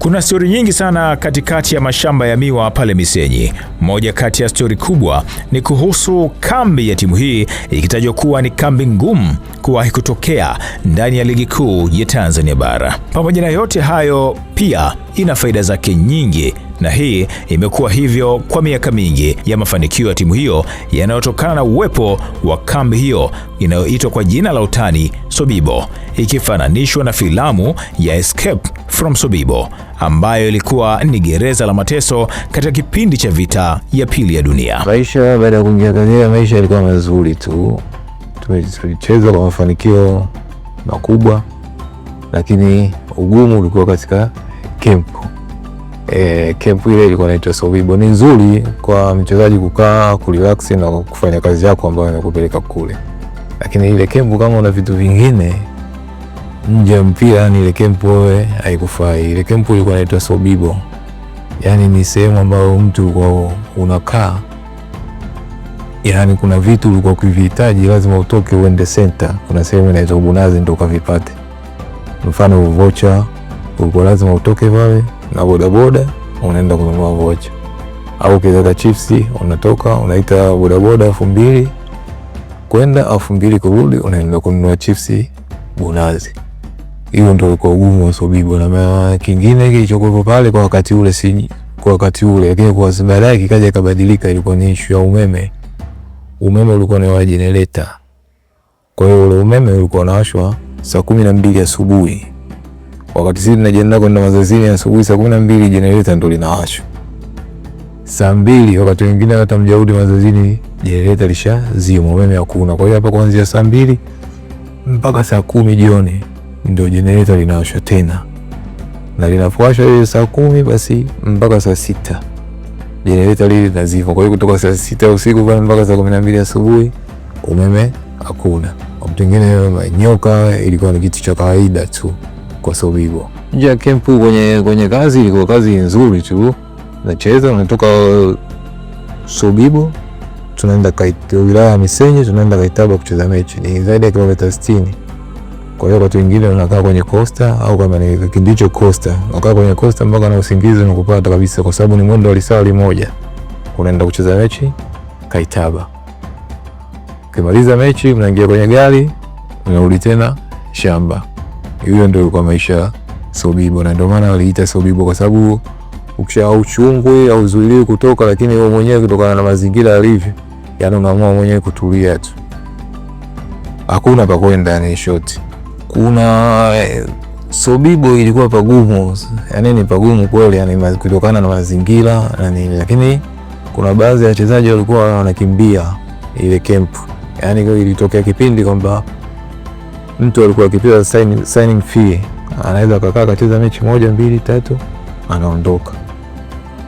Kuna stori nyingi sana katikati ya mashamba ya miwa pale Misenyi. Moja kati ya stori kubwa ni kuhusu kambi ya timu hii ikitajwa kuwa ni kambi ngumu kuwahi kutokea ndani ya ligi kuu ya Tanzania bara. Pamoja na yote hayo, pia ina faida zake nyingi na hii imekuwa hivyo kwa miaka mingi ya mafanikio ya timu hiyo yanayotokana na uwepo wa kambi hiyo inayoitwa kwa jina la utani Sobibo, ikifananishwa na filamu ya Escape from Sobibo ambayo ilikuwa ni gereza la mateso katika kipindi cha vita ya pili ya dunia. Maisha baada ya kuingia Kagera, maisha yalikuwa mazuri tu, tumecheza kwa mafanikio makubwa, lakini ugumu ulikuwa katika kempu E, camp ile ilikuwa inaitwa Sobibo. Ni nzuri kwa mchezaji kukaa kurelax na kufanya kazi yako ambayo inakupeleka kule, lakini ile camp kama una vitu vingine nje mpira, ni ile camp wewe haikufai. Ile camp ilikuwa inaitwa Sobibo, yani ni sehemu ambayo mtu kwa unakaa, yani kuna vitu ulikuwa ukivihitaji lazima utoke uende center. Kuna sehemu inaitwa Bunazi ndio ukavipate, mfano vocha ulikuwa lazima utoke pale vale na bodaboda unaenda kununua vocha, au ukitaka chipsi unatoka unaita bodaboda elfu mbili kwenda elfu mbili kurudi, unaenda kununua chipsi Bunazi. Hiyo ndio ilikuwa ugumu wa Sobibo, na kingine kilichokuwa pale kwa wakati ule si kwa wakati ule, lakini kwa sababu baadaye kikaja kabadilika, Ilikuwa ni issue ya umeme, umeme ulikuwa ni wa generator. Kwa hiyo ule umeme ulikuwa unawashwa saa kumi na mbili asubuhi Wakati sisi tunajiandaa kwenda mazazini asubuhi saa kumi na mbili jenereta ndo linawashwa saa mbili. Wakati wengine hata mjaudi mazazini jenereta lishazimwa, umeme hakuna. Kwa hiyo hapa kuanzia saa mbili mpaka saa kumi jioni ndio jenereta linawashwa tena, na linapowashwa ile saa kumi basi mpaka saa sita jenereta lile linazimwa. Kwa hiyo kutoka saa sita usiku pale mpaka saa kumi na mbili asubuhi umeme hakuna. Wakati wengine nyoka ilikuwa ni kitu cha kawaida tu kwa sababu hivyo. Nje ya kempu kwenye, kwenye kazi ilikuwa kazi nzuri tu, nacheza natoka Sobibo tunaenda wilaya ya Misenyi, tunaenda Kaitaba kucheza mechi, ni zaidi ya kilomita 60. Kwa hiyo watu wengine wanakaa kwenye costa au kama ni kipindi hicho costa, wakaa kwenye costa mpaka na usingizi na kupata kabisa, kwa sababu ni mwendo wa lisaa moja, unaenda kucheza mechi Kaitaba. Ukimaliza mechi mnaingia kwenye gari, mnarudi tena shamba hiyo ndio ilikuwa maisha Sobibo, na ndio maana waliita Sobibo kwa sababu ukisha au chungwe au zuiliwi kutoka, lakini wewe mwenyewe kutokana na mazingira alivyo, yani unaamua mwenyewe kutulia tu, hakuna pa kwenda ni shoti. Kuna eh, Sobibo ilikuwa pagumu, yani ni pagumu kweli, yani kutokana na mazingira na nini, lakini kuna baadhi ya wachezaji walikuwa wanakimbia ile kempu, yani ilitokea kipindi kwamba mtu alikuwa akipewa signing, signing fee anaweza kakaa akacheza mechi moja mbili tatu anaondoka,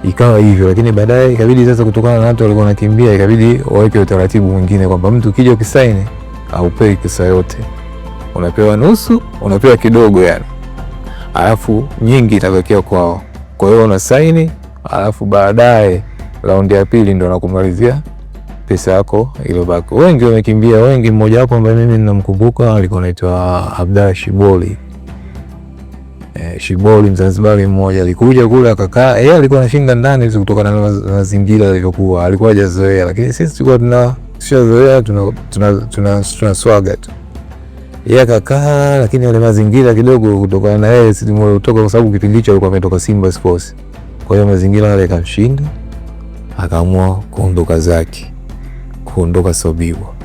ikawa hivyo. Lakini baadaye ikabidi sasa, kutokana na watu walikuwa nakimbia ikabidi waweke utaratibu mwingine kwamba mtu ukija ukisaini aupewi pesa yote, unapewa nusu, unapewa kidogo yani, alafu nyingi itabakia kwao. Kwa hiyo unasaini, alafu baadaye raundi ya pili ndo anakumalizia pesa yako iliyobaki. Wengi wamekimbia, wengi. Mmoja wapo ambaye mimi ninamkumbuka alikuwa anaitwa Abdalla Shiboli. E, Shiboli Mzanzibari mmoja alikuja kule akakaa, yeye alikuwa anashinda ndani tu kutokana na mazingira yalivyokuwa, alikuwa hajazoea, lakini sisi tulikuwa tuna shazoea tuna, tuna, tuna, tuna swaga tu yeye akakaa, lakini wale mazingira kidogo kutokana na yeye silimutoka, kwa sababu kipindi hicho alikuwa ametoka Simba Sports, kwa hiyo mazingira yale yakamshinda, akaamua kuondoka zake kuondoka Swabiwa.